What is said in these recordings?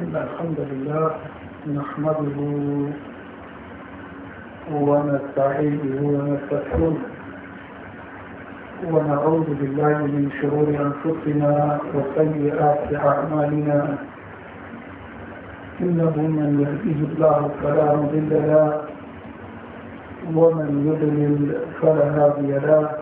إن الحمد لله نحمده ونستعينه ونستغفره ونعوذ بالله من شرور أنفسنا وسيئات أعمالنا إنه من يهديه الله فلا مضل له ومن يضلل فلا هادي له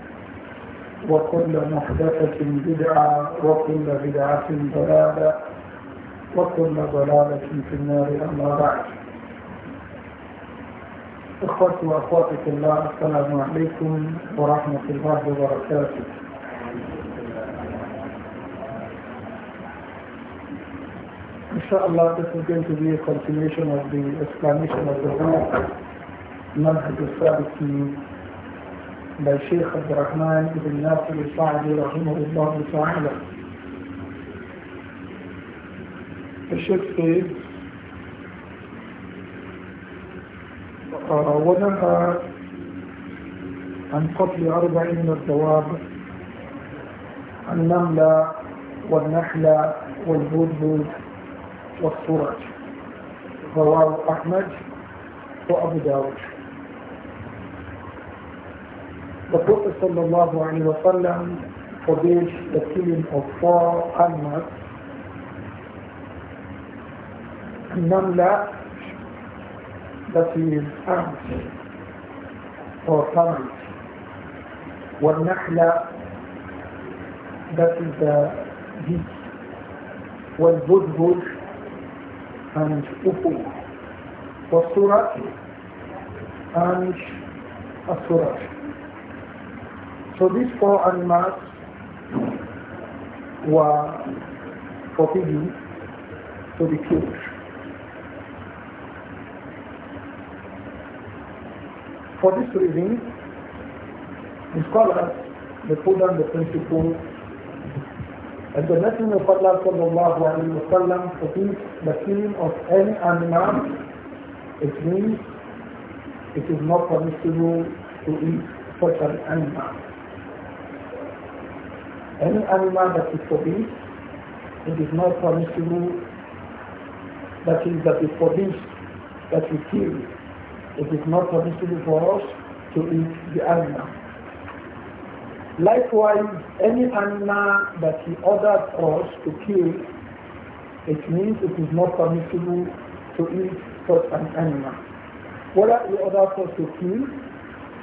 وكل محدثة بدعة وكل بدعة ضلالة وكل ضلالة في النار أما بعد إخوتي وأخواتي في الله السلام عليكم ورحمة الله وبركاته Inshallah, this is going to be a continuation of the explanation of the book, Manhattan al للشيخ عبد الرحمن بن ناصر الصعدي رحمه الله تعالى الشيخ سيد ونهى عن قتل أربع من الدواب النملة والنحلة والبذل والصورة رواه أحمد وأبو داود the Prophet sallallahu alayhi wa sallam forbade the killing of four animals Namla that is ants or termites Wal-Nahla that is the bees Wal-Budbud and Upu Wal-Surat and Asurat so these four animals were forbidden to be killed. For this reason, the scholars they put down the principle and the Messenger of Allah sallallahu alayhi wa sallam forbids the killing of any animal, it means it is not permissible to eat such an animal any animal that is forbidden, it is not permissible that is that is forbidden that we kill. It is not permissible for us to eat the animal. Likewise, any animal that he ordered us to kill, it means it is not permissible to eat such an animal. Whether he ordered us to kill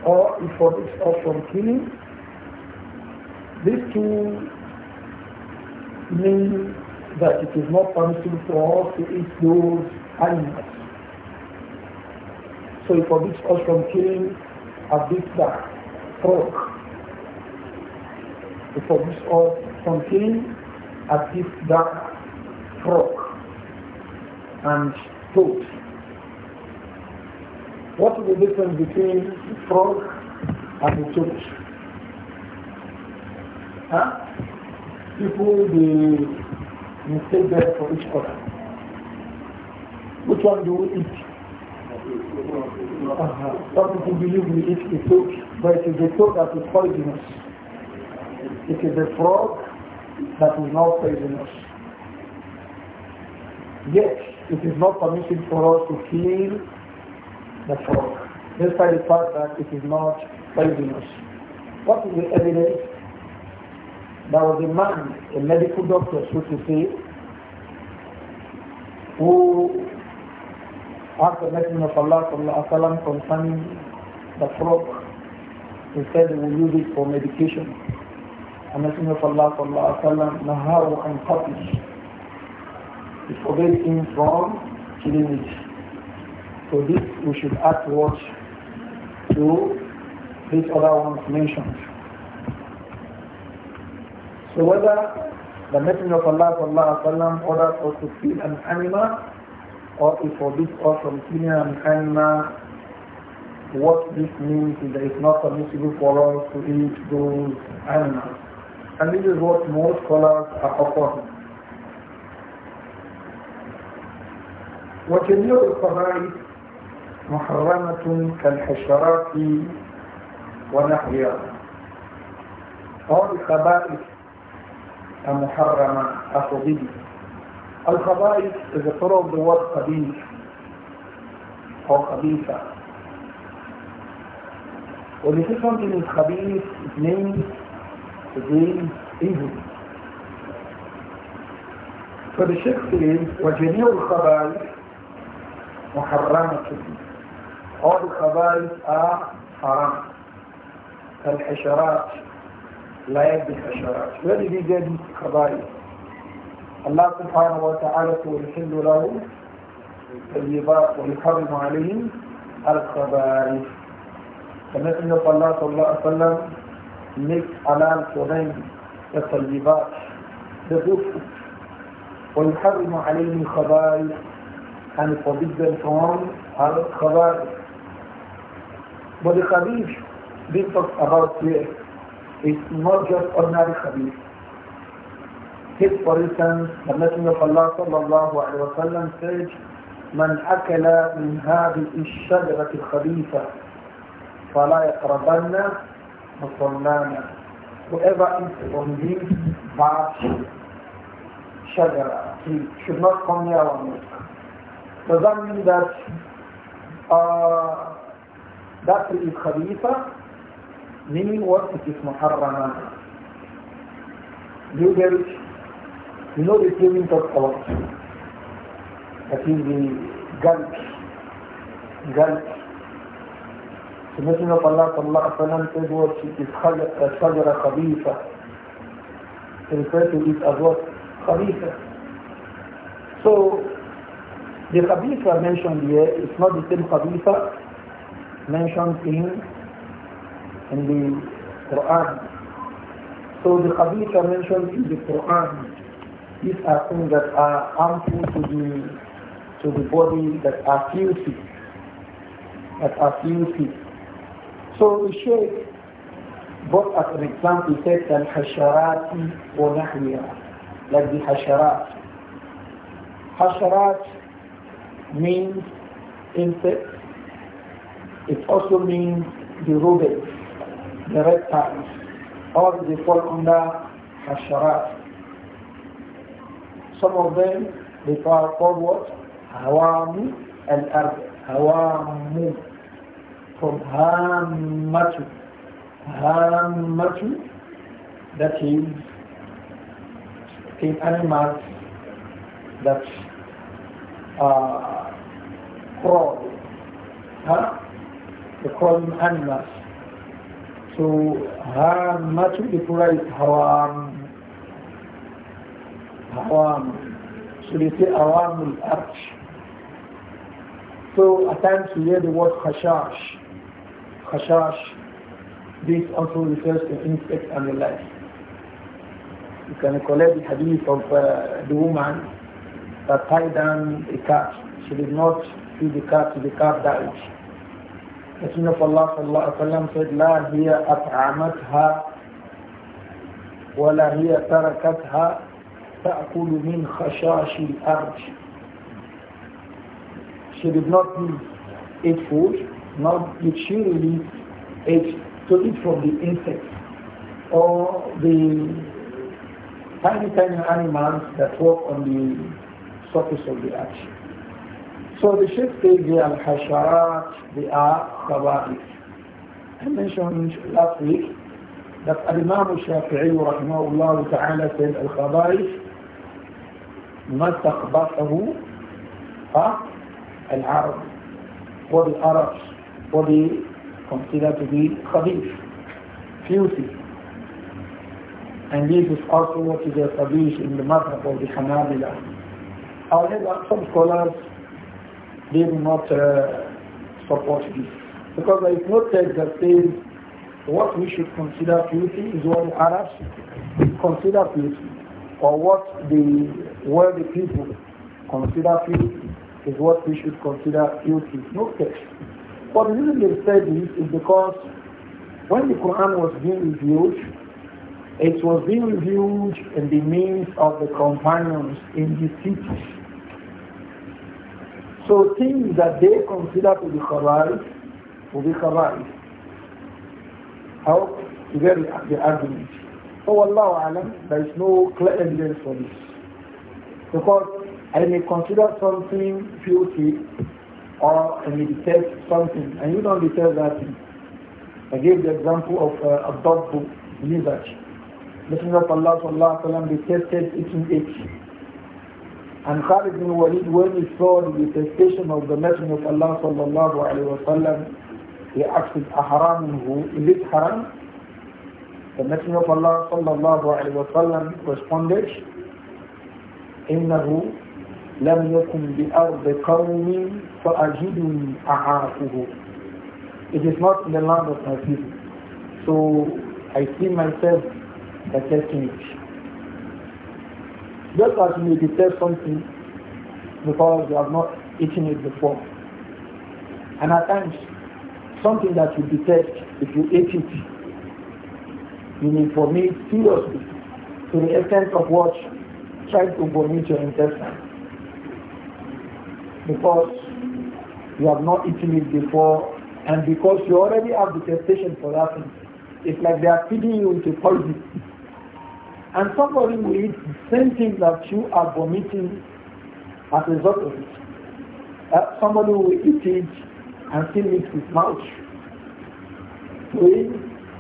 or he forbids us from killing, these two mean that it is not permissible for us to eat those animals. So it forbids us from killing a big back, frog. It forbids us from killing a big back, frog, and toad. What is the difference between frog and the toad? Huh? People, they mistake there for each other. Which one do we eat? Uh -huh. Uh-huh. Some people believe we eat the toad, but it is the toad that is poisonous. It is the frog that is not poisonous. Yet, it is not permitted for us to kill the frog, despite the fact that it is not poisonous. What is the evidence there was a man, a medical doctor, so to say, who asked the Messenger of Allah وسلم, concerning the frog. He said he will use it for medication. And the Messenger of Allah وسلم, Naharu and Qatish. He forbade him from killing it. So this we should add towards to these other ones mentioned. So whether the Messenger of Allah sallallahu alaihi wasallam us to kill an animal, or if forbids us from killing an animal, what this means is that it's not permissible for us to eat those animals. And this is what most scholars are upon. وجميع القبائل محرمة كالحشرات ونحوها. All the قبائل محرما أخذني الخبائث إذا طرق دوار خبيث أو خبيثه واللي تفهم إن الخبيث اثنين اثنين إيهم فبشكل وجميع الخبائث محرمة او الخبائث آه حرام الحشرات لا الحشرات يدرك الشرائع ولذلك قضائي الله سبحانه وتعالى يحل له الطيبات ويحرم عليهم الخبائث كما ان الله صلى الله عليه وسلم نك على for الطيبات the ويحرم عليهم الخبائث and forbid them على الخبائث ولخبيث بيتك khabith this It's not just ordinary hadith. His, for instance, the Messenger of Allah sallallahu alayhi wa sallam said, من أكل من هذه الشجرة الخبيثة فلا يقربن مصلانا Whoever eats from this bad shajara, he should not come near our mosque. Does that mean that uh, that is khabitha meaning what it is muharraman. You get it? You know the feeling of Allah. That is the gulp. Gulp. The Messenger of Allah Allah. alayhi wa sallam said it is shajara to it as what? Khabitha. So, the khabitha mentioned here is not the same khabitha mentioned in in the Quran. So the hadith are mentioned in the Quran. These are things that are harmful to the to the body that are filthy. That are filthy. So the Shaykh brought as an example he said al hasharati or nahwiya like the hasharat. Hasharat means insect. It also means the rodents the red tiles, or they fall under hasharat. Some of them, they are called what? Hawamu al-ard. Hawamu. From hammatu. Hammatu, that is in animals that uh, crawl. Huh? The crawling animals. So Hamatu the plural is Hawam. So they say So at times we hear the word Khashash. Khashash. This also refers to insects and the like. You can collect the hadith of uh, the woman that tied down a cat. She did not feed the cat, to the cat died. Messenger of Allah الله عليه وسلم said, لا هي أطعمتها ولا هي تركتها تأكل من خشاش الأرض. She did not eat food, nor did she really eat to eat from the insects or the tiny, tiny animals that walk on the surface of the earth. So the Sheikh says the al hasharat, they are kabaris. I mentioned last week that Imam Shafi'i rahimahullah ta'ala said al-khabaris ما استخبثه العرب for the Arabs, for the considered to be khabith, filthy. And this is also what is established in the madhab of the Hanabila. However, some scholars they do not uh, support this. Because there is no text that says what we should consider purity is what the Arabs consider beauty, or what the worldly people consider purity is what we should consider purity. No text. But the reason they said this is because when the Quran was being reviewed, it was being reviewed in the means of the companions in the cities so things that they consider to be khawarij will be khawarij. How to get the argument. So oh, Allah alam, there is no clear evidence for this. Because I may consider something filthy or I may detect something and you don't detect that thing. I gave the example of uh, a dog lizard. Messenger of Allah sallallahu Allah wasallam detested eating it. And Khalid bin Walid, when he saw the manifestation of the Messenger of Allah sallallahu alayhi wa sallam, he asked, Aharam is it haram? The Messenger of Allah sallallahu alayhi wa sallam responded, إنه لم يكن بأرض قوم فأجدني أعافه It is not in the land of my people. So I see myself attacking it. Just as you may detest something because you have not eaten it before. And at times, something that you detest, if you eat it, you may vomit seriously to the extent of what trying to vomit your intestine. Because you have not eaten it before and because you already have the temptation for that thing. It's like they are feeding you with a poison and suffering will eat the same thing that you are vomiting as a result of it. Uh, somebody will eat it and still it with mouth. So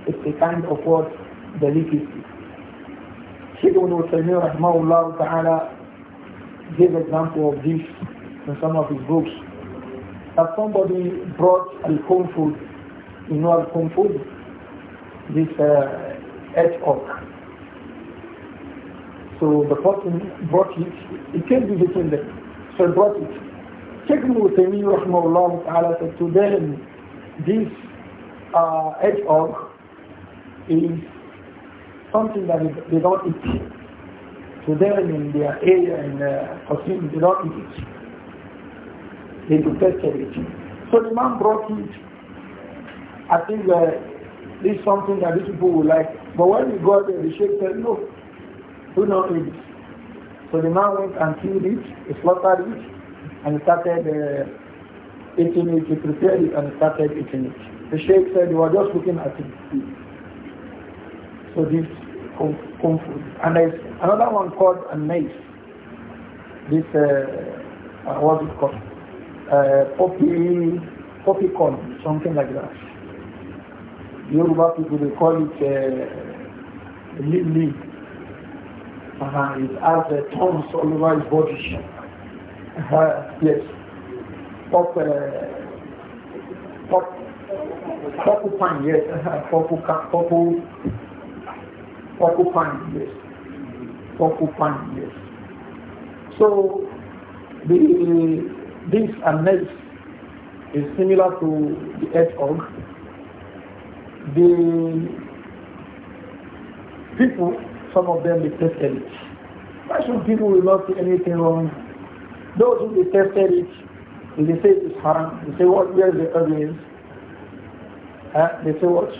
it's a kind of what delicacy. Sheikh Ibn Uthaymeen rahmahullah ta'ala gave example of this in some of his books. That somebody brought a kung food, you know a kung food, this uh, hedgehog so the person brought it. It can be between them. So I brought it. Sheikh Ibn Utaymi rahmahullah ta'ala said to them, this uh, hedgehog is something that they don't eat. To them in their area and uh, they don't eat it. They detested it. So the man brought it. I think uh, this is something that these people will like. But when we got there, the Sheikh said, no, who knows ate it. So the man went and killed it, he slaughtered it, and started uh, eating it, he prepared it and started eating it. The sheikh said, you are just looking at it. So this kung fu. And there's another one called a mace. This, uh, uh, what's it called? Uh, poppy, poppy corn, something like that. Yoruba people, they call it uh, lily. Uh, it has uh-huh. uh, thorns all over his body. Uh, yes. Pop, uh, uh-huh. pop, purple pine, yes. Purple, purple, purple pine, yes. Purple pine, yes. So, the, this annex is similar to the hedgehog. The people some of them detested it. Why should people will not see anything wrong? Those who detested it, if they say it's haram, they say what, Where's the evidence? Uh, they say what?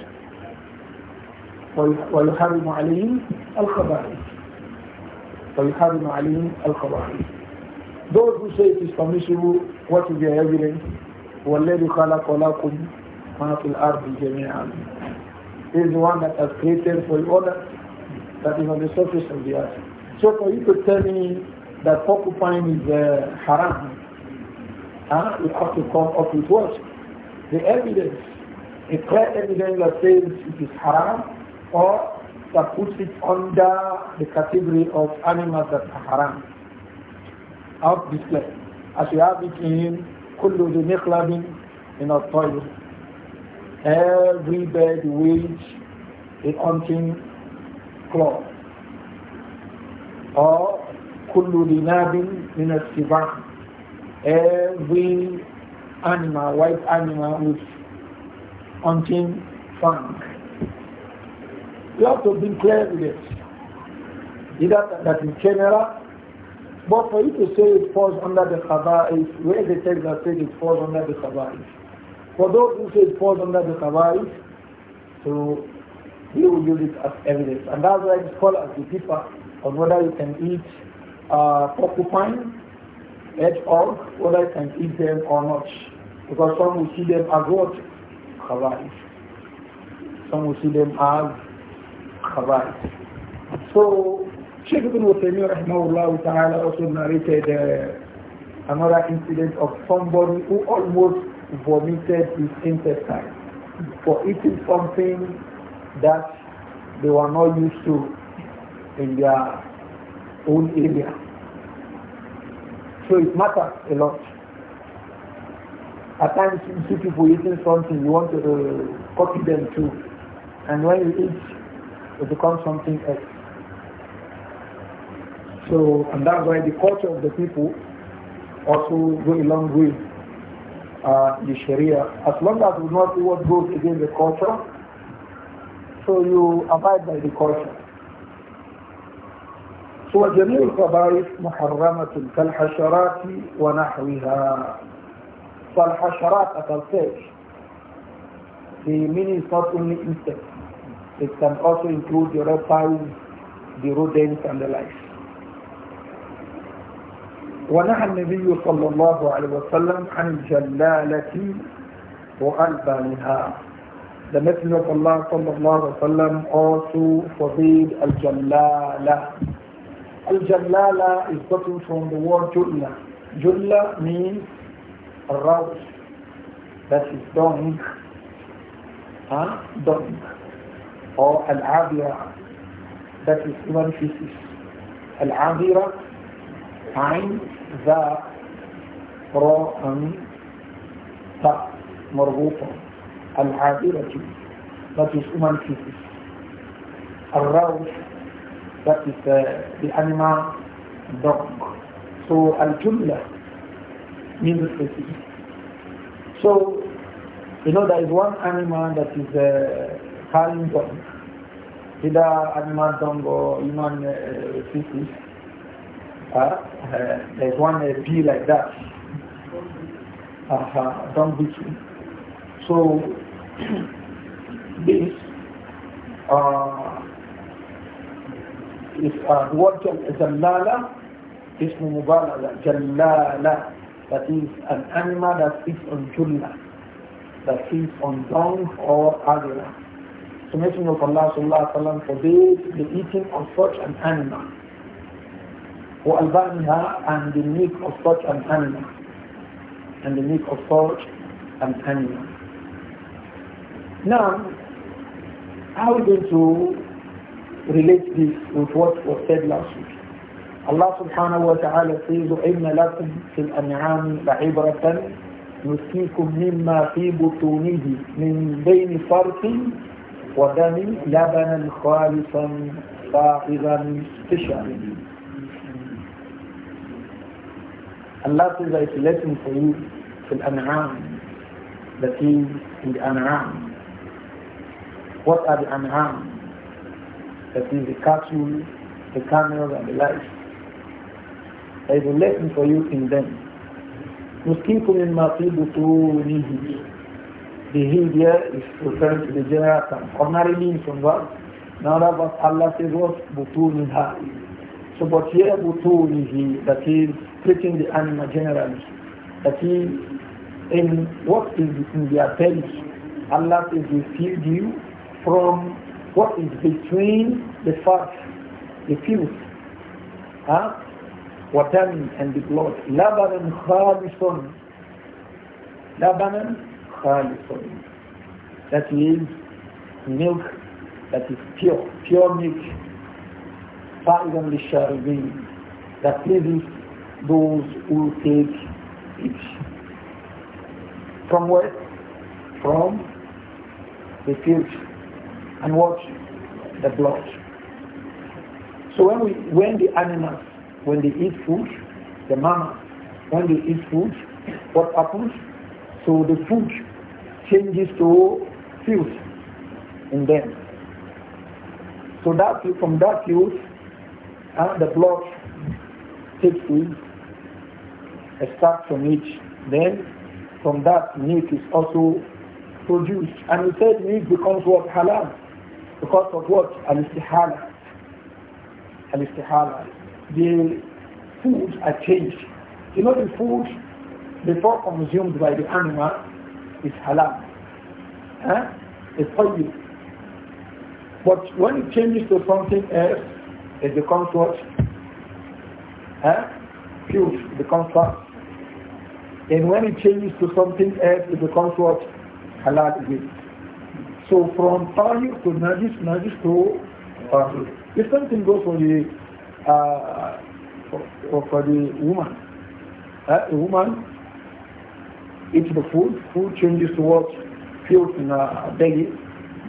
ويحرم عليهم الخبائث ويحرم عليهم الخبائث Those who say it is permissible, what is their evidence? والذي خلق لكم ما في الأرض جميعا is the one that has created for you, all that is on the surface of the earth. So for you to tell me that porcupine is uh, haram, huh? you have to come up with what? The evidence, a clear evidence that says it is haram or that puts it under the category of animals that are haram. Out displayed, As we have it in كل ذي مخلب in our toilet. Every bird which the hunting claw. Or kullu in min al Every animal, white animal with hunting fang. You have to be clear with it. Either that in general, but for you to say it falls under the is where the text that says it falls under the khaba'if. For those who say it falls under the khaba'if, so he will use it as evidence. And that's why the people, on whether you can eat uh, porcupine, hedgehog, whether you can eat them or not. Because some will see them as what? Khawarij. Some will see them as khawarij. So, Sheikh Ibn Uthaymeen rahimahullah ta'ala also narrated uh, another incident of somebody who almost vomited his intestine for eating something that they were not used to in their own area. So it matters a lot. At times you see people eating something, you want to uh, copy them too. And when you eat, it becomes something else. So, and that's why the culture of the people also go along with uh, the Sharia. As long as we not do what goes against the culture, So you abide by the caution. So وجميع الخبائث محرمة كالحشرات ونحوها. فالحشرات at I stage. the meaning is not only insects. It can also include the reptiles, the rodents and the likes. ونهى النبي صلى الله عليه وسلم عن الجلالة وألبانها The Messenger of Allah sallallahu alayhi wasallam also forbade al-jallala. Al-jallala is gotten from the word julla. Julla means a route that is done, huh? done, or al-abira that is human feces. Al-abira, عين ذا راء تاء مربوطه Al-Hadiratu, that is human feces. Al-Rawf, that is uh, the animal dog. So Al-Jumla means feces. So, you know there is one animal that is uh, carrying dung, either animal dog or human uh, feces. Uh, uh, there's one uh, bee like that. Uh, -huh, be beetle. So this uh, is uh, the word Jallala is Jallala, that is an animal that feeds on Julla, that feeds on dung or agila. So Messenger of Allah sallallahu alayhi wa forbids the eating of such an animal. وألبانها and the meat of such an animal and the meat of such an animal. Now, how are we going to relate this with what was said last week? Allah subhanahu wa ta'ala says, وَإِنَّ لَكُمْ فِي الْأَنْعَامِ لَعِبْرَةً نُسْكِيكُمْ مِّمَّا فِي بُطُونِهِ مِن بَيْنِ فَرْقٍ ودم لبنا خالصا فائضا تِشَعِدٍ Allah says that select him lesson for you the الأنعام the king in the أنعام What are the animals? That is means the cattle, the camels, and the life. There is a lesson for you in them. نسقيكم مما في بطونه The here is referring to the general term. Ordinary means from what? Now that what Allah says was بطونها. So but here بطونه, that is treating the animal generally. That is in what is in their belly. Allah says we feed you from what is between the fat, the fuse, huh? watan and the blood. Labanan khalison. Labanan That means milk that is pure, pure milk. Fa'idan lisharibin. That pleases those who take it. From where? From the future and what? The blood. So when we when the animals when they eat food, the mammals when they eat food, what happens? So the food changes to filth in them. So that from that filth, uh, the blood takes a extract from it. Then from that meat is also produced. And instead meat becomes what halal. Because of what? Al-istihala. Al-istihala. The foods are changed. You know the food before consumed by the animal is halal. Huh? It's you. But when it changes to something else, it becomes what? Huh? Pure. It becomes what? And when it changes to something else, it becomes what? Halal again. So from tahir to najis, najis to tahir. If something goes for the uh, for, for the woman, uh, the woman eats the food, food changes to what fuels in her belly,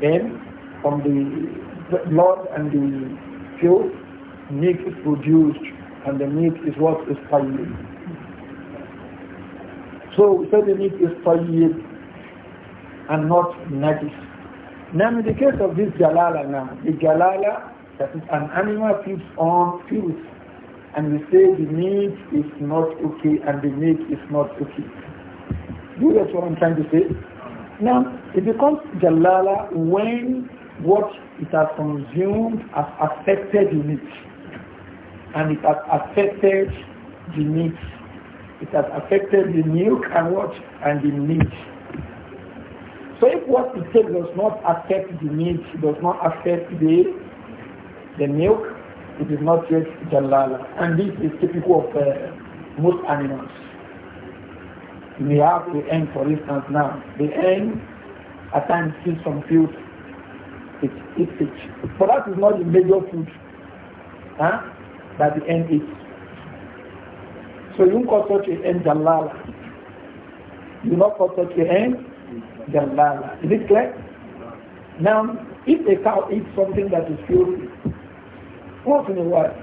then from the blood and the fuel, meat is produced, and the meat is what is tayyib. So we say the meat is tayyib and not najis. Now in the case of this Jalala now, the Jalala that is an animal feeds on food, and we say the meat is not okay and the meat is not okay. Do you get what I'm trying to say? Now, it becomes Jalala when what it has consumed has affected the meat and it has affected the meat. It has affected the milk and what? And the meat. So if what you take does not affect the meat, does not affect the, the milk, it is not yet jalala. And this is typical of uh, most animals. We have the end, for instance, now. The end at times is some food. It eats it. For that is not the major food huh, that the end eats. So you don't call such an end jalala. You not call such an end جَمَّالًا Is it clear? Now, if a cow eats something that is filthy, once in a while,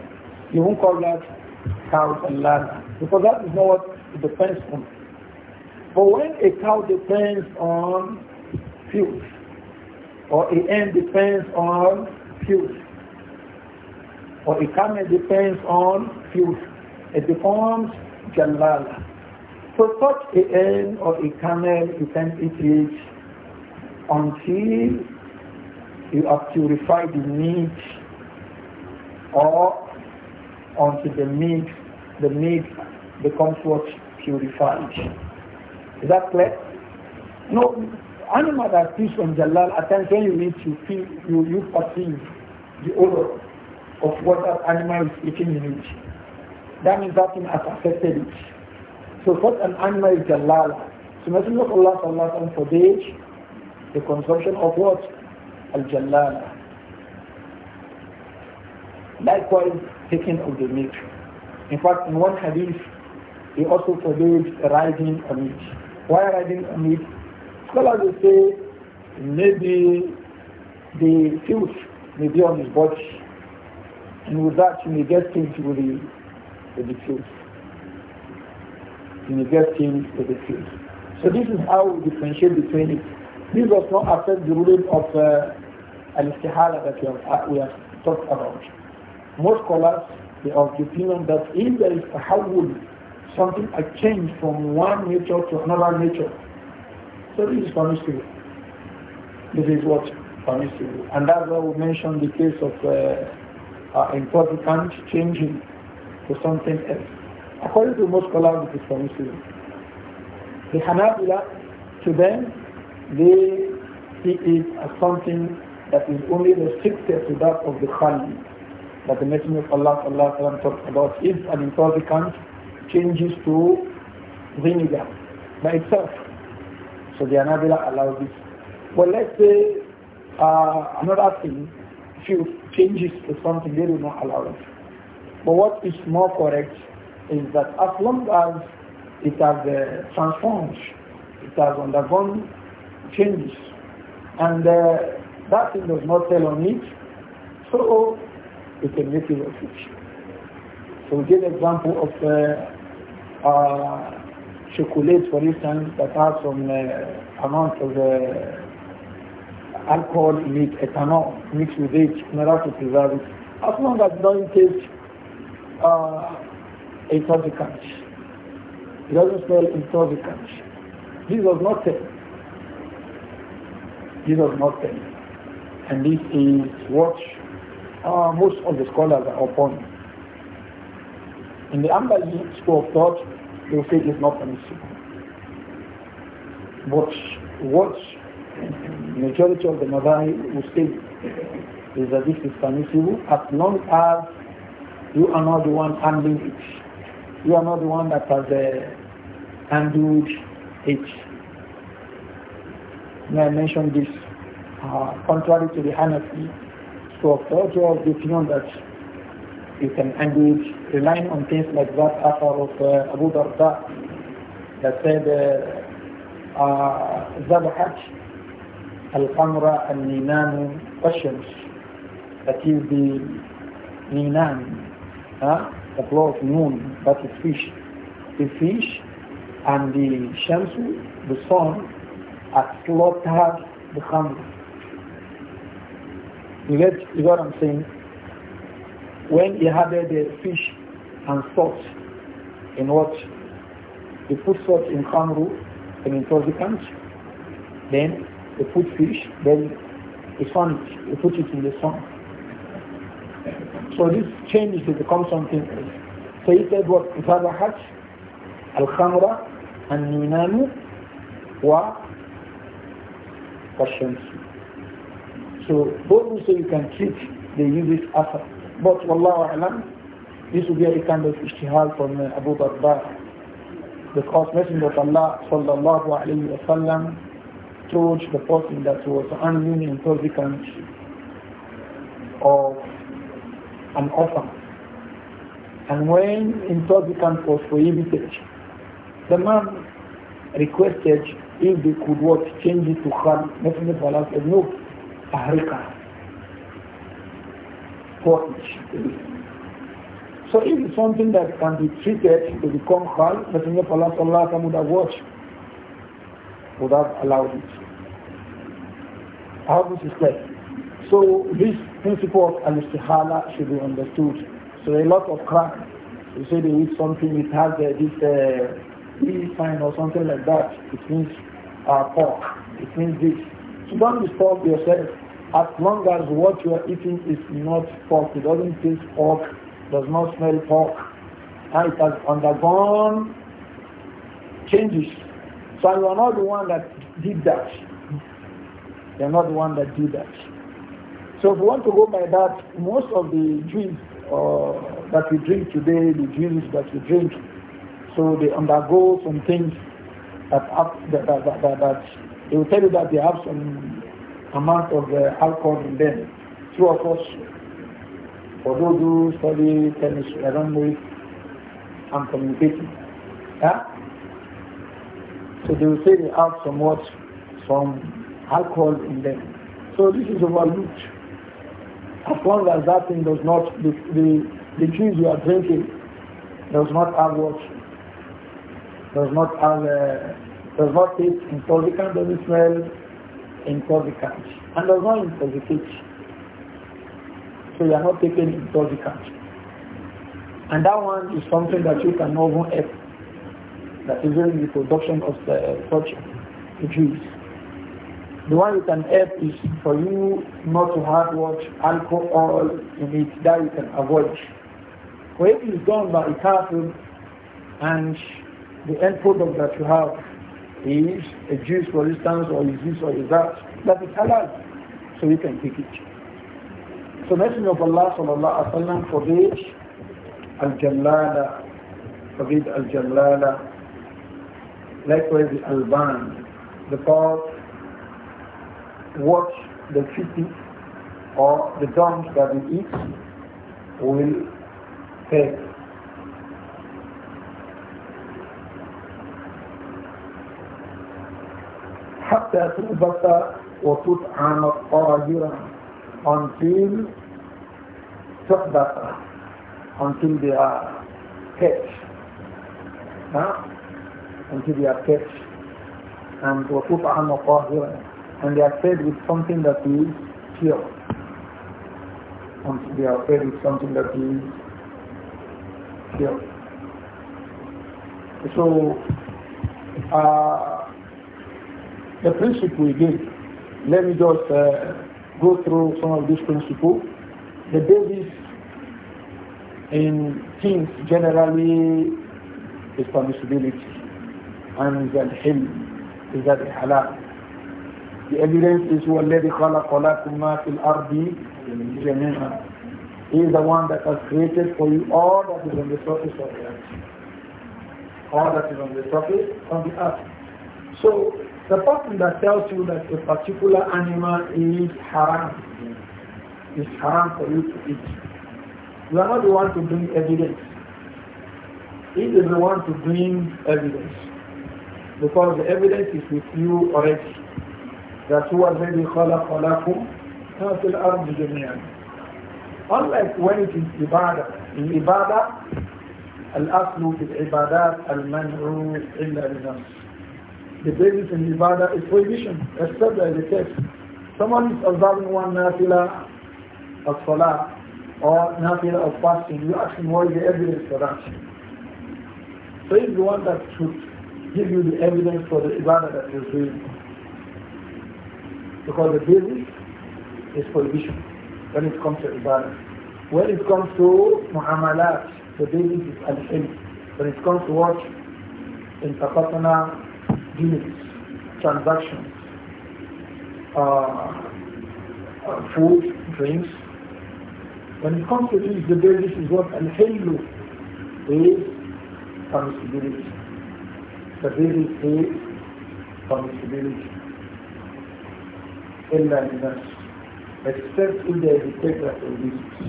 you won't call that cow halal because that is not what it depends on. But when a cow depends on fuel, or a hen depends on fuel, or a camel depends on fuel, it becomes jalala. For such a hen or a camel, you can eat it until you have purified the meat or until the meat, the meat becomes what purified. Is that clear? No, animal that is from Jalal, at times when you eat, you feel, you, you perceive the odor of what that animal is eating in it. That means that thing has affected it. So what an animal is halal. So Messenger of Allah sallallahu forbade the consumption of what? Al-Jallala. Likewise, taking of the meat. In fact, in one hadith, he also forbade riding on it. Why riding on it? Scholars will say maybe the filth may be on his body, and with that he may get things with the, with the filth. In will to the truth. So this is how we differentiate between it. This does not affect the ruling of uh, al-istihala that we have, we have talked about. Most scholars they are of the opinion that if there is a would something a change from one nature to another nature, so this is permissible. This is what permissible. And that's why we mentioned the case of uh, uh, important changing to something else. According to most scholars, it is permissible. The Hanabila, to them, they see it as something that is only restricted to that of the Khali, that the Messenger of Allah, Allah talked about. is an important changes to vinegar by itself, so the Hanabila allow this. Well, let's say uh, not asking if you changes to something, they do not allow it. But what is more correct is that as long as it has uh, transformed, it has undergone changes, and uh, that thing does not tell on it, so we can make it of So we give example of uh, uh, chocolate, for instance, that has some uh, amount of uh, alcohol in it, ethanol mixed with it in order to preserve it. As long as it doesn't taste uh, intoxicant. He doesn't smell intoxicant. This was not tell. This was not tell. And this is what uh, most of the scholars are upon. In the Ambali school of thought, they say it's not permissible. But what majority of the Madai will say is that this is permissible as long as you are not the one handling it. You are not the one that has uh, handled it. May I mention this? Uh, contrary to the Hanafi school of thought, you have the opinion that you can handle it, relying on things like that after of uh, Abu Darda that said, uh, uh, Zabahat al-Qamra al-Ninan questions, that is the Ninan, huh? the glow of noon, that is fish. The fish and the shamsu, the sun, are slaughtered the khamr. You get, you got what I'm saying? When he had the fish and salt in what? he put salt in khamru, an intoxicant, then he put fish, then they sun, he put it in the sun. So this changes, to become something else. So he said what? Zabahat, Al-Khamra, Al-Ninanu, Wa, Washamsi. So both will you can treat, they use this as But Wallahu A'lam, this will be a kind of ishtihal from uh, Abu Darda. Because Messenger of Allah sallallahu alayhi wa sallam told the person that was unknown country of an orphan. And when intoxicant was prohibited, the man requested if they could what change it to Khan. Messenger of Allah said, no, Ahrika. So if it's something that can be treated to become Khan, Messenger of Allah Sallallahu would have watched, would have allowed it. How this is clear. So this principle of al-istihala should be understood. So a lot of crack. you say they eat something, it has uh, this uh, sign or something like that. It means uh, pork. It means this. So don't disturb yourself as long as what you are eating is not pork. It doesn't taste pork, does not smell pork. And it has undergone changes. So you are not the one that did that. You are not the one that did that. So if we want to go by that, most of the juice uh, that we drink today, the drinks that we drink, so they undergo some things that, that, that, that, that, that they will tell you that they have some amount of uh, alcohol in them. Two of us, for those who study chemistry, I don't know if I'm communicating. Yeah? So they will say they have some what, some alcohol in them. So this is overlooked. As long as that thing does not, the, the, the juice you are drinking does not have what, does not have, uh, does not taste intoxicant, doesn't smell intoxicant, and does not intoxicate. So you are not taking intoxicant. And that one is something that you can even help, that is during the production of the, uh, such juice. The one you can help is for you not to have what alcohol in it that you can avoid. For if it's done by a person, and the end product that you have is a juice for instance or is this or is that, that is halal. So you can take it. So Messenger of Allah sallallahu wa wasallam forbid al-jallala, forbid al-jallala, likewise the alban, the part what the treaty or the dumps that we eat will take. حتى تنبت وتطعم الطاهرة until تقبت until they are kept huh? until they are kept and وتطعم طاهرة and they are fed with something that is pure. And they are fed with something that is pure. So, uh, the principle we give, let me just uh, go through some of these principles. The basis in things generally is permissibility and is al-hilm, is that halal. The evidence is وَالَّذِي خَلَقَ لَكُمْ مَا فِي الْأَرْضِ جَمِيعًا He is the one that has created for you all that is on the surface of the earth. All that is on the surface of the earth. So the person that tells you that a particular animal is haram, is haram for you to eat. You are not the one to bring evidence. He is the one to bring evidence. Because the evidence is with you already. That هو الذي خلق لكم ما في الأرض جميعا. Unlike when it is ibadah. In ibadah, الأصل في العبادات المنع إلا لنفس. The basis in ibadah is prohibition, except by the text. Someone is observing one nafila of salah or nafila of fasting. You ask him what is the evidence for that. So he's the one that should give you the evidence for the ibadah that you're doing. Because the basis is prohibition when it comes to ibadah. When it comes to mu'amalat, the basis is al When it comes to what? Interpersonal dealings, transactions, uh, uh, food, drinks. When it comes to this, the basis is what al-hilm is permissibility. The basis is permissibility. إلا except in the a of this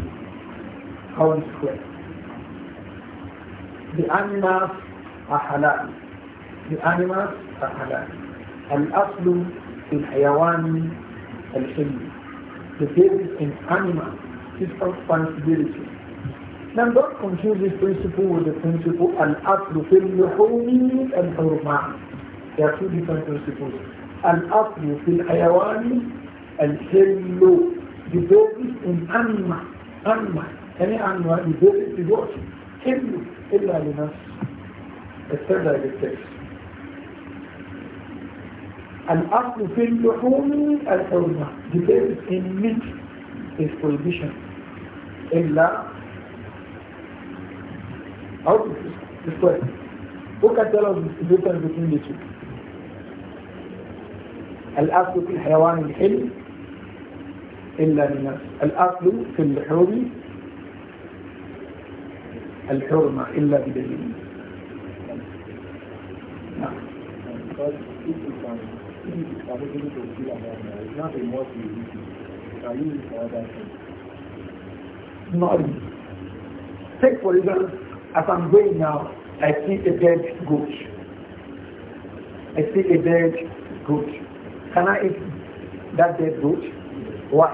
how is square the animals are halal the animals are halal الأصل في الحيوان الحلم the basis in animal is responsibility Now don't confuse this principle with the principle al-aslu fil and al mind. There are two different principles. الأصل في الحيوان الحل the basis in animal animal any animal the basis is what حل إلا لنفس استدعى بالتكس الأصل في اللحوم الحرمة the basis in meat is prohibition إلا أو is correct Who can tell us the difference between the two? الأصل في الحيوان الحل إلا النفس الأصل في اللحوم الحرمة إلا بدليل نعم Not نعم. Take for example, as I'm going now, I see a dead goat. I see a dead goat. Can I eat that dead goat? Why?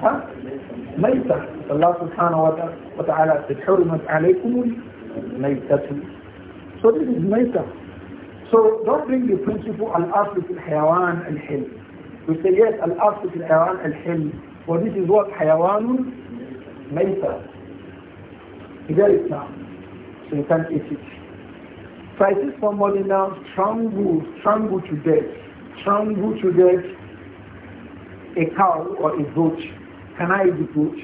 Huh? Maita. Allah subhanahu wa ta'ala said, حُرِمَتْ عَلَيْكُمُ الْمَيْتَةُ So this is maita. So don't bring the principle al-asl the hayawan al-hil. We say yes, al-asl the hayawan al-hil. For this is what hayawan maita. Here it now. So you can't eat it. I see somebody now strangled, strangled to death, strangled to death a cow or a goat, can I eat the goat?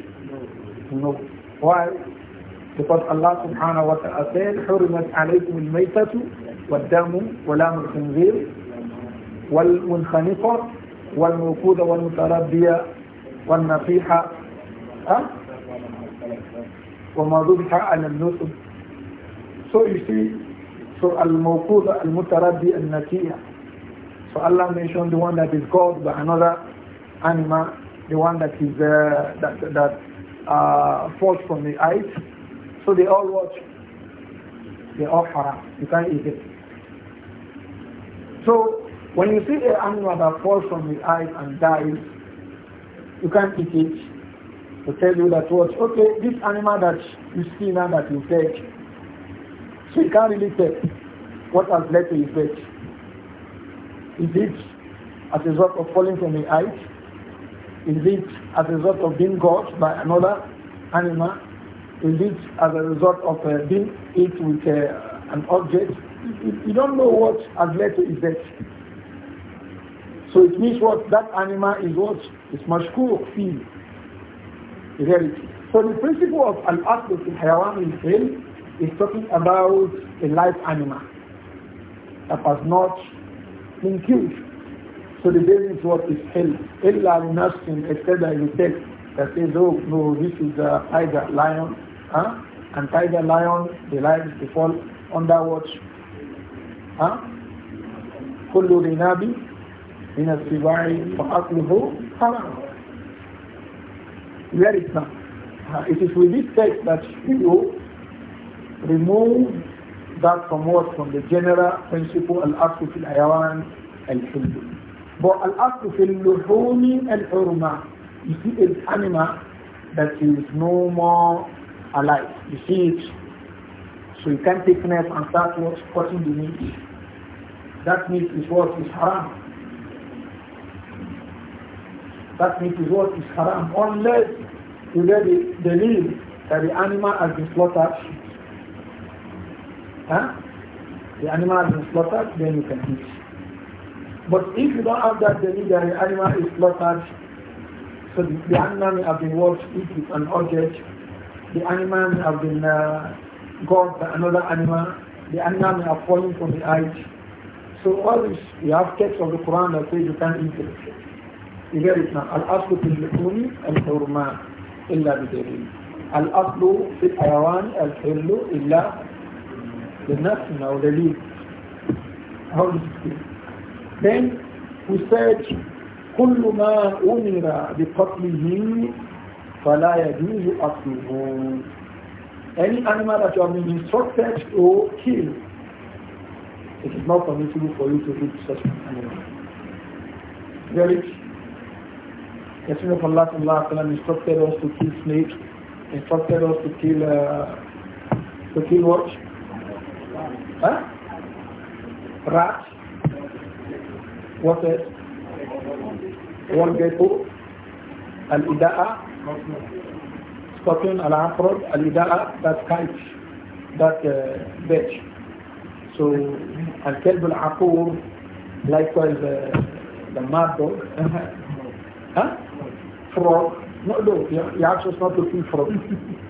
No. no. Why? Because Allah subhanahu wa ta'ala said, حُرِمَتْ عَلَيْكُمُ الْمَيْتَةُ وَالدَّمُ وَلَامُ الْخِنْزِيرِ وَالْمُنْخَنِقَةُ والموقودة والمتربية والنَّفِيحة أه؟ وما ذبح على النصب So you see, so Al-Mawkuda, al al So Allah mentioned the one that is called by another animal, the one that is uh, that that uh, falls from the height. So they all watch. They all haram. You can't eat it. So when you see an animal that falls from the height and dies, you can't eat it. To tell you that watch. okay, this animal that you see now that you take so you can't really say what has led to his death. Is it as a result of falling from the height? Is it as a result of being caught by another animal? Is it as a result of uh, being hit with uh, an object? You, you don't know what has led to his death. So it means what that animal is what is mashkur fi reality. So the principle of al-asl fil hayawan is is talking about a live animal that has not been killed. So the is what is hell. Illa asking instead that you take that says, oh no, this is a tiger lion. Huh? And tiger lion, the lions, they fall under watch, Huh? كل in a السباع for حرام. Where is now? Uh, it is with this text that you remove that from what? From the general principle, al-aslu fil ayawan al-hillu. But al-aslu fil luhumi al-hurma. You see an animal that is no more alive. You see it. So you can't take knife and start what, cutting the meat. That meat is what is haram. That meat is what is haram. Unless you get the, the that the animal has been slaughtered huh? the animal is slaughtered, then you can eat. But if you don't have that belief that the animal is slaughtered, so the animal may have been washed, eat with an object, the animal may have been uh, got by another animal, the animal may have fallen from the height. So all this, you have texts of the Quran that says you can't eat it. You get it now. Al-Aslu fil lukumi al-hurma illa bidalil. Al-Aslu fil ayawan al-hillu illa the nothing or the leaf. How do you feel? Then we said, كل ما أمر بقتله فلا يجوز أكله. Any animal that you have been instructed to kill, it is not permissible for you to eat such an animal. Very Messenger of Allah sallallahu instructed us to kill snakes, instructed us to kill uh, to kill what? Huh? Rat? What else? Walgecko? Al-Ida'a? Scorpion, Al-Afrod, Al-Ida'a, that kite, that uh, bitch. So, Al-Kelb Al-Aqur, likewise uh, the mad dog. huh? Frog? No, no, your, your action's not looking frog.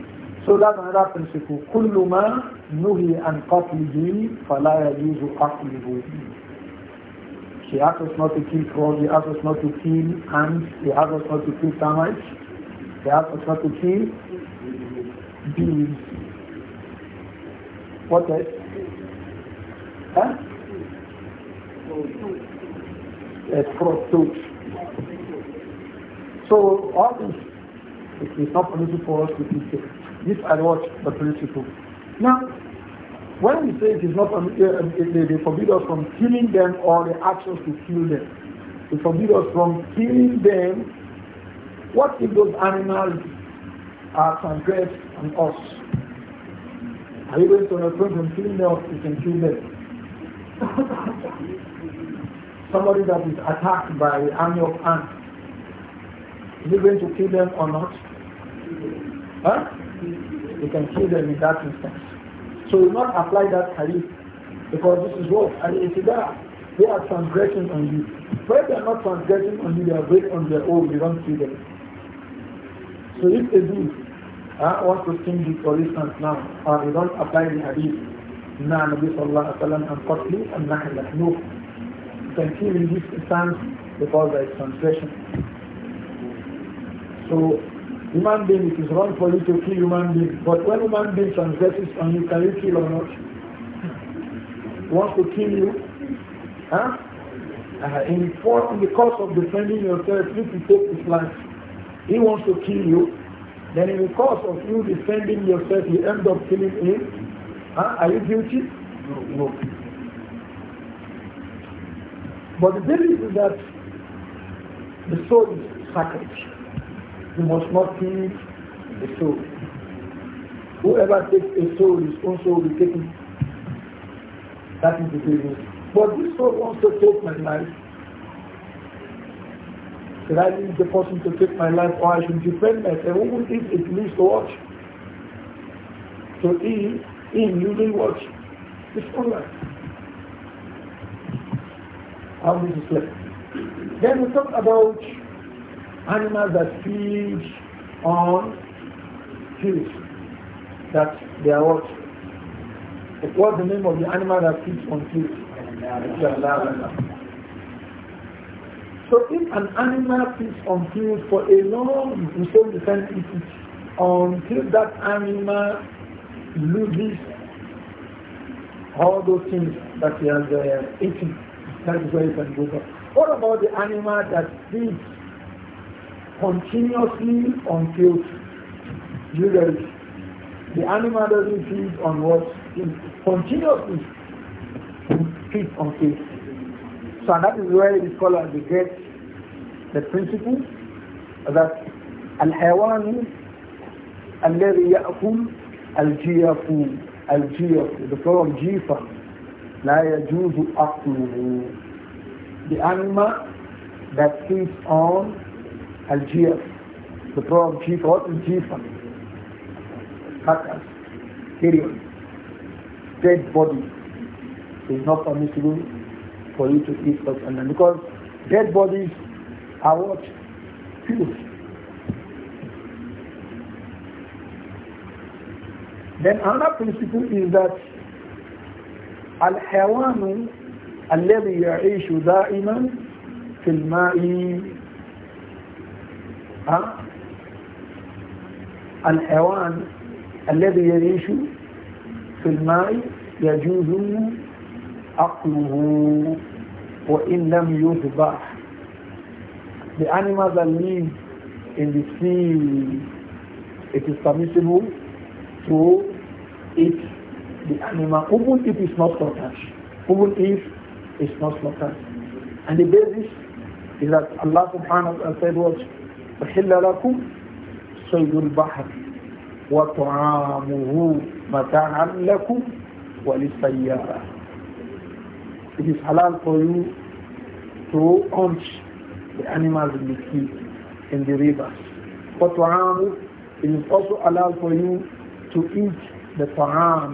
So that's another principle. كل ما نهي عن قتله فلا يجوز قتله. He asked us not to kill frog, he asked us not to kill ants, he asked us not to kill termites, he asked us not to kill bees. What else? Huh? A So all these it is not permissible for us to kill. it. These are what the principle. Now, when we say it is not, eh, eh, eh, they, they forbid us from killing them or the actions to kill them. They forbid us from killing them. What if those animals are transgressed on us? Are you going to refrain from killing them you can kill them? Somebody that is attacked by an army of ants, is he going to kill them or not? Huh? You can kill them in that instance. So we not apply that hadith because this is what? Al-Itida. They are transgressing on you. When they are not transgressing on you, they are great on their own. You don't see them. So if they do, I want to sing the for instance now, or uh, you don't apply the hadith, na Nabi sallallahu alaihi wasallam and qatli and nahl no. You can kill in this instance because there is transgression. So human being, it is wrong for you to kill human being. But when human being transgresses on you, can you kill or not? Wants to kill you? Huh? Uh, in, for, in the course of defending yourself, if you take his life, he wants to kill you. Then in the course of you defending yourself, you end up killing him. Huh? Are you guilty? No. no. But the thing is that the soul is sacred you must not kill the soul. Whoever takes a soul, his own soul will take it. That is the business. But this soul wants to take my life. Should I leave the person to take my life or I should defend myself? Who will it it leaves to watch? So he, in using watch, his own life. How this is left. Then we talk about Animal that feeds on fish. that they are what? What's the name of the animal that feeds on fish? So if an animal feeds on fish for a long, we say we can until that animal loses all those things that he has uh, eaten. That is where you can go. What about the animal that feeds continuously until, You get it? The animal doesn't feed on what? It continuously feeds on field. So that is where it is called as the get the principle that al-hawani الحيوان al يأكل al الجيف the plural جيفة لا يجوز أكله the animal that feeds on Algiers, the throw chief, Jifa, what is Jifa? Hackers, period. Dead body is not permissible for you to eat such an because dead bodies are what? Fuel. Then another principle is that الحيوان الذي يعيش دائما في الماء ها الحيوان الذي يعيش في الماء يجوز عقله وإن لم يذبح The animals that live in the sea, it is permissible to eat the animal, even if it's not slaughtered. Even if it's not slaughtered. And the basis is that Allah subhanahu wa ta'ala said أحل لكم صيد البحر وطعامه متاعا لكم وللسيارة It is halal for you to hunt the animals in the sea, in the rivers. But ta'am, it is also allowed for you to eat the ta'am,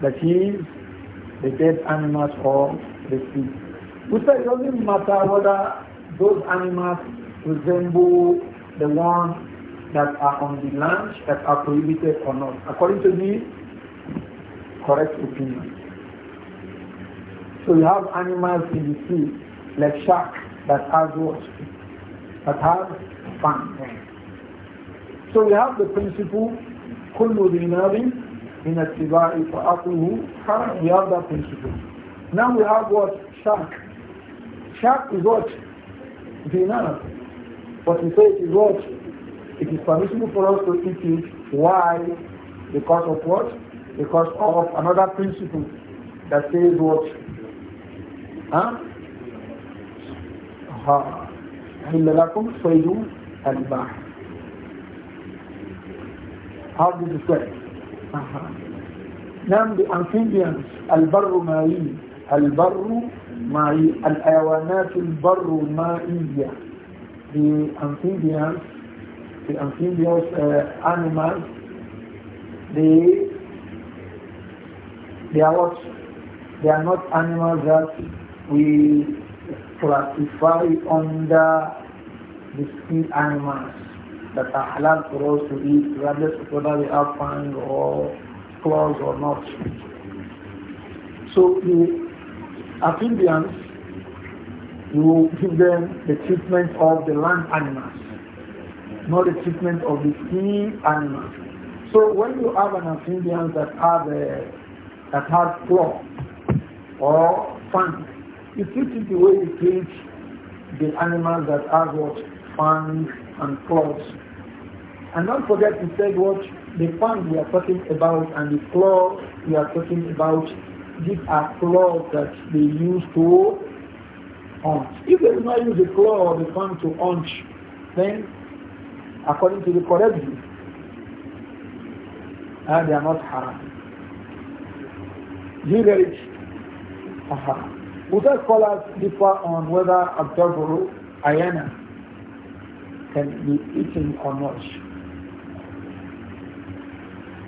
that is, the dead animals or the sea. it doesn't matter whether those animals resemble the ones that are on the land that are prohibited or not, according to the correct opinion. So you have animals in the sea, like shark, that has what? That has fun. So we have the principle, كل دينار in السباع فأقله حرام. We have that principle. Now we have what? Shark. Shark is what? Dinar. But we say it is what? It is permissible for us to eat it. Why? Because of what? Because of another principle that says what? Huh? Ha. لكم صيد البحر How did you say? Uh-huh. Now the amphibians, البر مائي البر مائي الحيوانات البر مائية the amphibians, the amphibious uh, animals, they they are what they are not animals that we classify under the sea animals that are allowed for us to eat, regardless of whether they have fangs or claws or not. So the amphibians you give them the treatment of the land animals, not the treatment of the sea animals. So when you have an amphibian that have a, that has claw or fangs, you treat it the way you treat the animals that have what fangs and claws. And don't forget to say what the fangs we are talking about and the claws we are talking about. These are claws that they use to if they do not use the claw or the thumb to unch, then according to the correct view, uh, they are not haram. You get it? Ah, Would Other scholars differ on whether a double ayana can be eaten or not.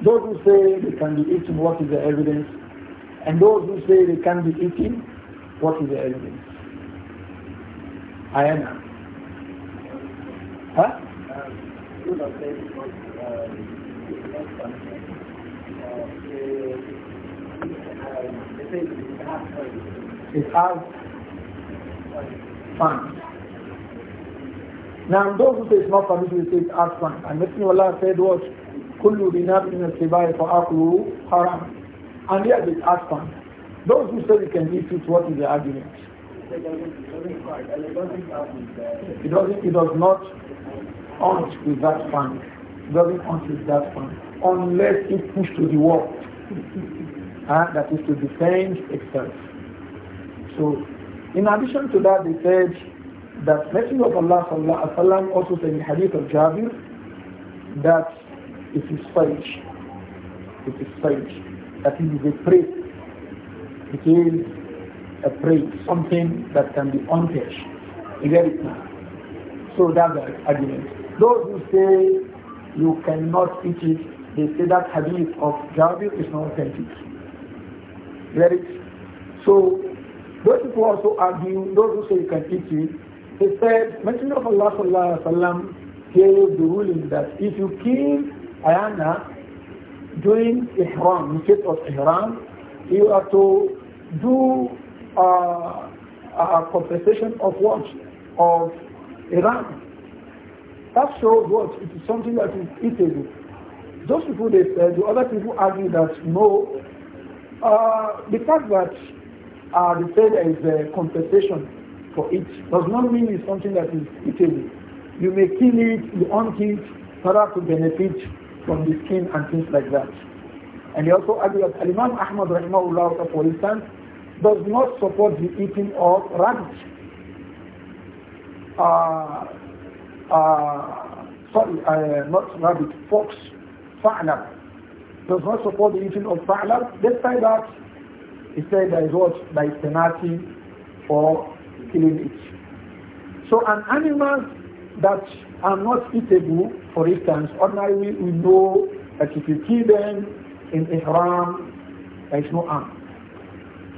Those who say they can be eaten, what is the evidence? And those who say they can be eaten, what is the evidence? I am. Huh? It has fun. Now those who say it's not permissible say it has fun. And Messenger of Allah said what? كل دينار من السباع فأكله haram." And yet it has fun. Those who say you can eat it, what is the argument? It doesn't, it does not hunt with that fan. It doesn't hunt with that fan. Unless it pushed to the wall. and ah, that is to defend itself. So, in addition to that, they said that Messenger of Allah sallallahu alaihi also said in Hadith of Jabir that it is fight. It is fight. That it is a prey. It is a prey, something that can be on You get it now? So that's the argument. Those who say you cannot eat it, they say that hadith of Jabir is not authentic. You it? So those people also argue, those who say you can eat it, they said, Messenger of Allah sallallahu Wa wasallam gave the ruling that if you kill ayana during ihram, instead of ihram, you are to do uh, uh, compensation of what? Of Iran. That shows what? It is something that is eatable. Those people, they said, the other people argue that no, uh, the fact that uh, they say there is a compensation for it does not mean it's something that is eatable. You may kill it, you hunt it, perhaps to benefit from the skin and things like that. And they also argue that Imam Ahmad, rahimahullah, for instance, does not support the eating of rabbit. Uh, uh, sorry, uh, not rabbit, fox, fa'lab. Does not support the eating of fa'lab. Despite that, he said there is what? by penalty for killing it. So an animal that are not eatable, for instance, ordinarily we know that if you kill them in Ihram, there is no harm.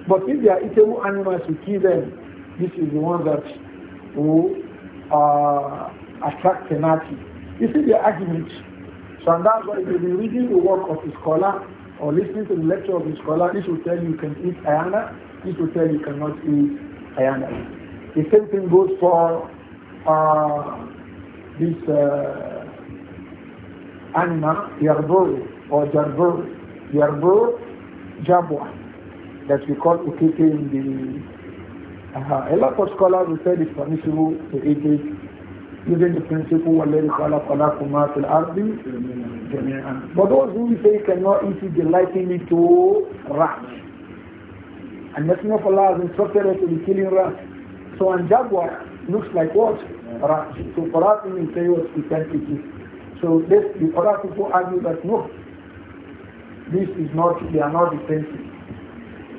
But if they are eatable animals, we kill them. This is the one that will uh, attract penalty. This is the argument. So and that's why if you reading the work of the scholar or listening to the lecture of the scholar, this will tell you can eat ayana, this will tell you cannot eat ayana. The same thing goes for uh, this uh, animal, yarbo or jarbur, yarbo, jabwa that we call ukeke in the uh, a lot of scholars will say it's permissible to eat it using the principle وَالَّذِي خَلَقَنَاكُمَا from al جَمِيعًا But those who say cannot eat it, they liken it to rat. And Messenger of Allah has instructed us to be killing rat. So and jaguar looks like what? Rat. So for us we say what we can eat it. So this, the other people argue that no, this is not, they are not defensive.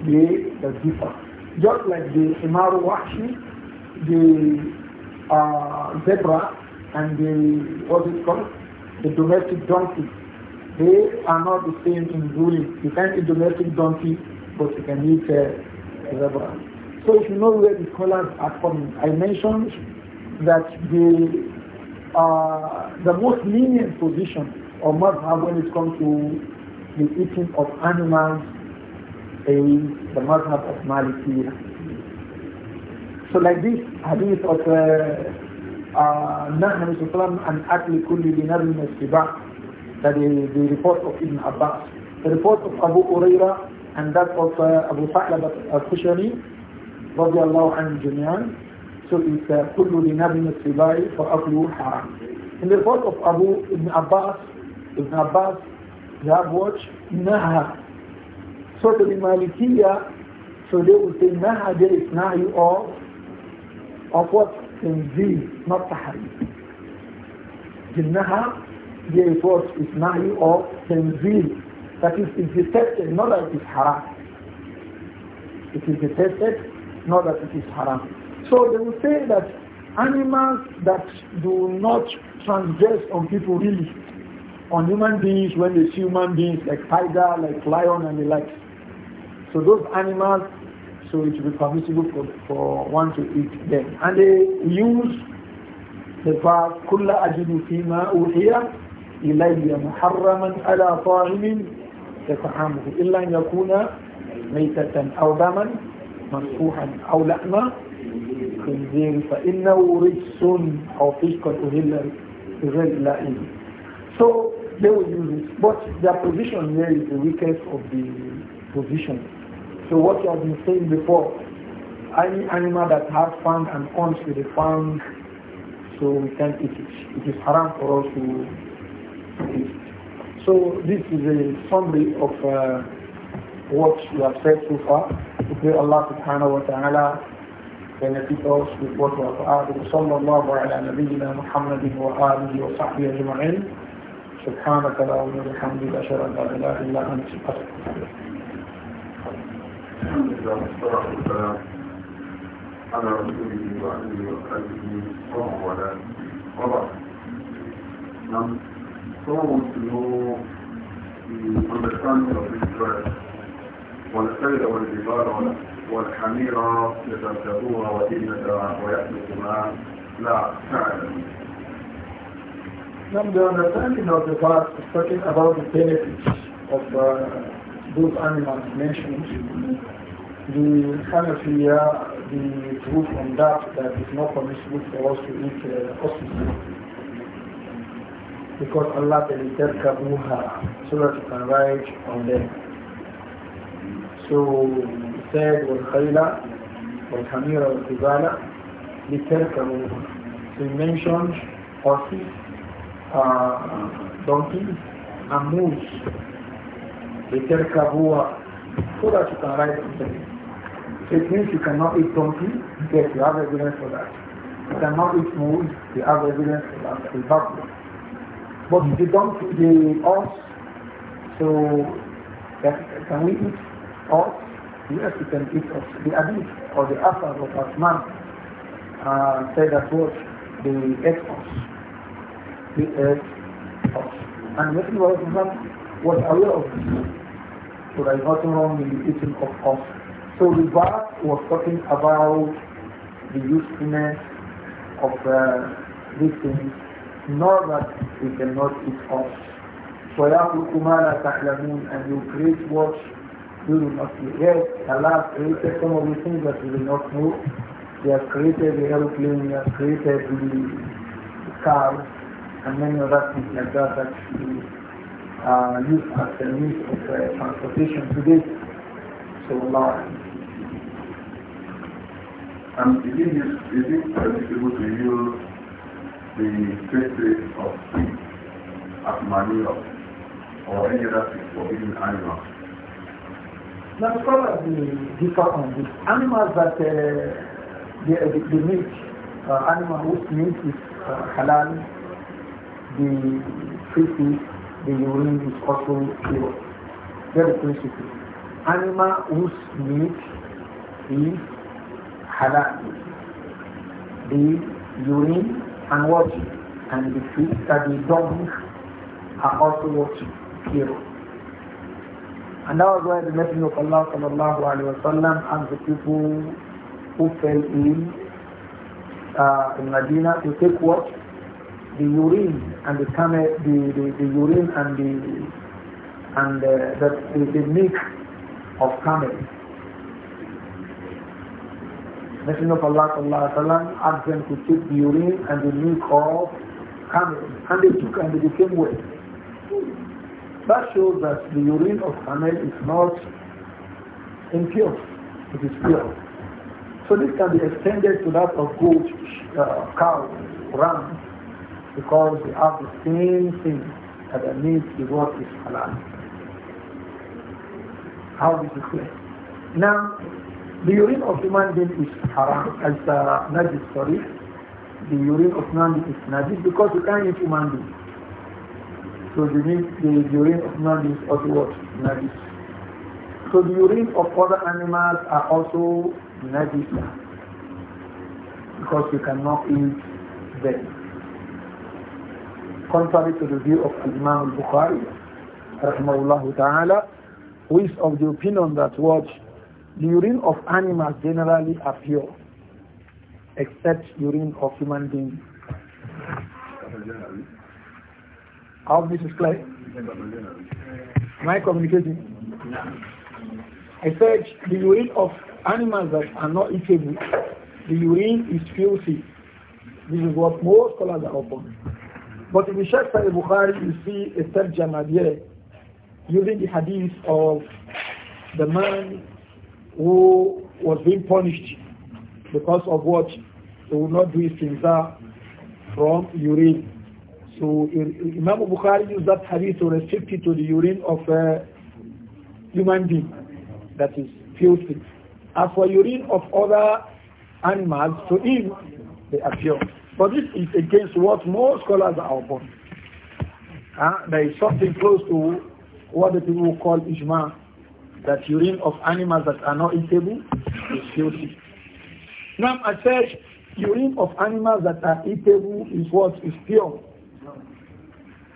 The they differ. Just like the Imaru Washi, the uh, zebra, and the, what is called, the domestic donkey, they are not the same in ruling. You can not eat domestic donkey, but you can eat uh, zebra. So if you know where the colors are coming, I mentioned that the uh, the most lenient position or madhab when it comes to the eating of animals say the madhab of Malikiya. So like this hadith of Nahman uh, uh, and Atli Kulli Dinarin Sibah, that is the report of Ibn Abbas. The report of Abu Uraira and that of uh, Abu Sa'lab al-Khushani, radiallahu anhu jami'an, so it's uh, كل لنبي السباع فأكله حرام. In the report of Abu Ibn Abbas, Ibn Abbas, they have watched نهى So to the so they will say Nahaja is Nahi or of what? Tanzeel, not Tahrim. The Naha, there is what is Nahi or Tanzeel. That is, it's detected, not that it is haram. It is detected, not that it is haram. So they will say that animals that do not transgress on people really, on human beings when they see human beings like tiger, like lion and the like, so those animals, so it will be permissible for, for one to eat them. And they use the verb كل أجد فيما أوحي إلي محرما على طاعم يطعمه إلا يكون ميتة أو دما مسفوحا أو لَأَمًا خنزير فإنه رجس أو فشقة أهل غير لائم. So they will use it. But their position here is the weakest of the positions. So what you have been saying before, any animal that has fang and comes with a fang, so we can eat it. It is haram for us to eat. So this is a summary of uh, what we have said so far. We pray Allah subhanahu wa ta'ala benefit us with what we have added. صلى الله على wa محمد وآله وصحبه أجمعين. سبحانك اللهم وبحمدك أشهد أن لا إله إلا أنت أستغفرك الحمد لله والصلاة على رسوله وعلى وصحبه ومن والاه وبعد نعم صوم understanding والسيد والجبال والحمير يتبتدوها وإنك ويأتي ما لا تعلم Now the understanding of the verse is talking about the benefits of uh, those animals mentioned the Hanafiya, the proof on that, that it's not permissible for us to eat uh, ostriches. Because Allah deleted Kabuha so that you can ride on them. So he said, وَالْخَيْلَ وَالْحَمِيرَ وَالْقِبَالَ لِتَرْكَبُوهَا So he mentioned horses, uh, donkeys, and mules. لِتَرْكَبُوهَا so that you can ride on them. It means you cannot eat donkey. Yes, you have evidence for that. You cannot eat moose. You have evidence for that. You have but if you don't the horse, so that, can we eat horse? Yes, you can eat horse. The hadith or the after of Asman uh, said that what? The ate horse. The ate horse. And Messenger of Islam was aware of this. So there is nothing wrong in the eating of horse. So the verse was talking about the usefulness of uh, these things, not that we cannot eat us. وَيَخْلُقُ you لَا تَحْلَمُونَ And you create what you do not know. Yes, Allah created some of the things that you do not know. He has created the aeroplane, he has created the, the car, and many other things like that that we uh, use as a means of uh, transportation today. So Allah. And is it, is it permissible to use the feces of pig as manure or any other thing for eating animals? Now, scholars differ on this. Animals that uh, the, uh, the, the meat, uh, animal whose meat is uh, halal, the feces, the urine is also pure. Very principle. Animal whose meat is halal. The urine and what and the feet that the dogs are also watching here. And that was why the Messenger of Allah sallallahu alayhi wa sallam and the people who fell in uh, in Medina to take what? The urine and the camel, the, the, the urine and the and uh, the, the, the, the milk of camels Messenger of Allah sallallahu asked them to take the urine and the milk of camel, And they took and they became wet. That shows that the urine of camel is not impure. It is pure. So this can be extended to that of goat, uh, cow, ram, because they have the same thing that the word is what is halal. How is it clear? Now, the urine of human being is haram, as uh, najis, sorry. The urine of human being is najis because you can't eat human being. So the, the, the urine of human being is also what? Najis. So the urine of other animals are also najis because you cannot eat them. Contrary to the view of Imam al-Bukhari, rahimahullah ta'ala, who is of the opinion that what the urine of animals generally are pure, except urine of human beings. How this is clear? Am I communicating? I said the urine of animals that are not eatable, the urine is filthy. This is what most scholars are upon. But if you check the Bukhari, you see a third Jamadiyah using the hadith of the man who was being punished because of what he would not do his sinzar from urine. So Imam Bukhari used that hadith to restrict it to the urine of a human being that is filthy. As for urine of other animals, to him they are pure. But this is against what most scholars are upon. Uh, there is something close to what the people call ijma that urine of animals that are not eatable is filthy. Now I said urine of animals that are eatable is what is pure.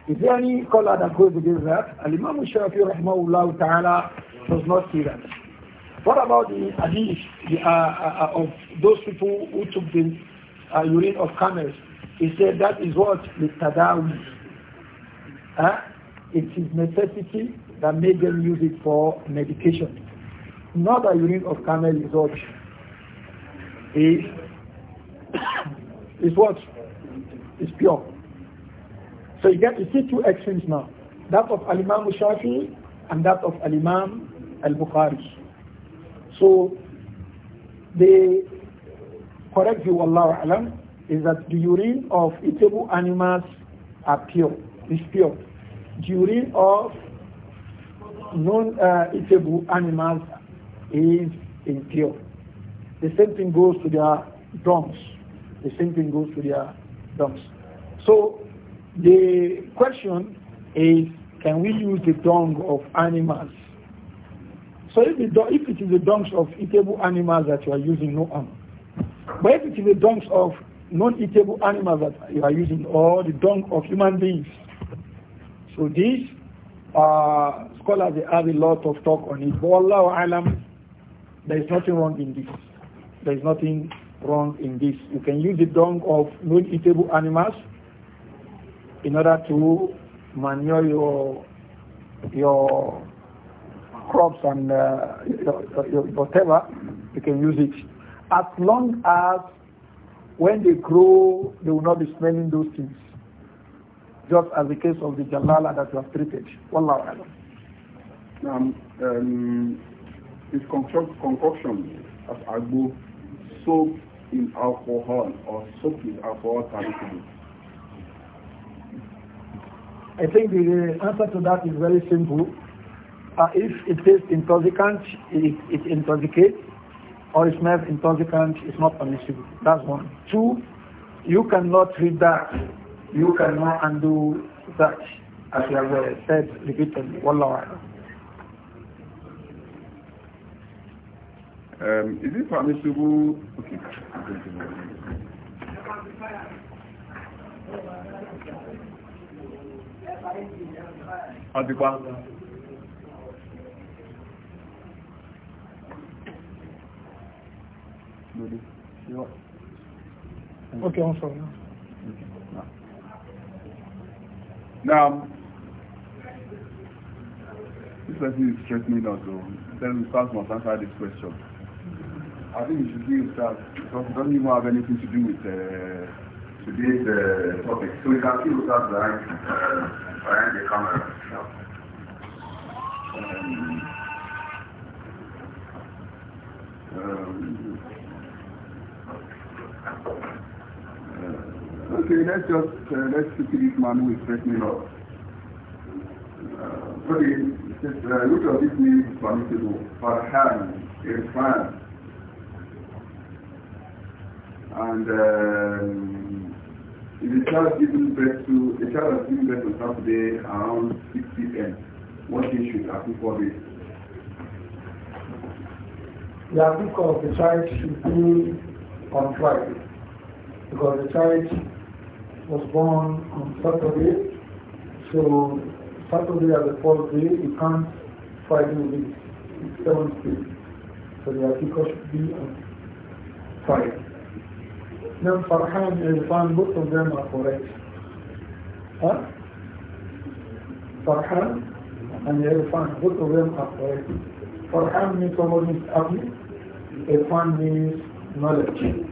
Is there any color that goes against that? Al-Imam Shafi rahmahullah ta'ala does not see that. What about the hadith uh, uh, uh, of those people who took the uh, urine of camels? He said that is what? The tadawi. Huh? It is necessity that made them use it for medication. Not a urine of camel is what is is what is pure. So you get you see two extremes now, that of Al Imam Shafi and that of Al Imam Al Bukhari. So the correct view, Allah alam, is that the urine of eatable animals are pure, is pure. The urine of non-eatable uh, animals is impure. The same thing goes to their drums. The same thing goes to their drums. So the question is, can we use the dung of animals? So if, the, if it is the dung of eatable animals that you are using, no harm. But if it is the dung of non-eatable animals that you are using, or the dung of human beings, so this uh, scholars they have a lot of talk on it. But Allah alam, there is nothing wrong in this. There is nothing wrong in this. You can use the dung of non-eatable animals in order to manure your your crops and uh, your, your, whatever. You can use it as long as when they grow, they will not be smelling those things just as the case of the Jalala that was treated. Wallahu alam. Um, um, is concoction as agbo soaked in alcohol or soaked in alcohol permissible? I think the answer to that is very simple. Uh, if it is intoxicant, it, it intoxicates, or it smells intoxicant, it's not permissible. That's one. Two, you cannot read that you cannot undo that as you have said repeatedly. Wallahu um, is it permissible? Okay. Okay, I'm sorry. Okay. Now, this person is threatening us, so then we start must answer this question. I think you should give that because it doesn't even have anything to do with uh, today's uh, topic. So we can see without behind, uh, behind the camera. Um, um, Okay, let's just, uh, let's pick this man who is threatening us. Uh, okay, this, uh, look at this name is permissible. Farhan, Irfan. And um, if a child given birth to, the child has given birth to Saturday around 6 p.m., what he should happen for this? The article of the child should be on Friday because the child was born on Saturday, so Saturday as the fourth day, you can't Friday with it. It's seventh day. So the article should be on Friday. Then Farhan eh, and Irfan, both of them are correct. Huh? Farhan and Irfan, both of them are correct. Farhan means someone is happy, Irfan means knowledge.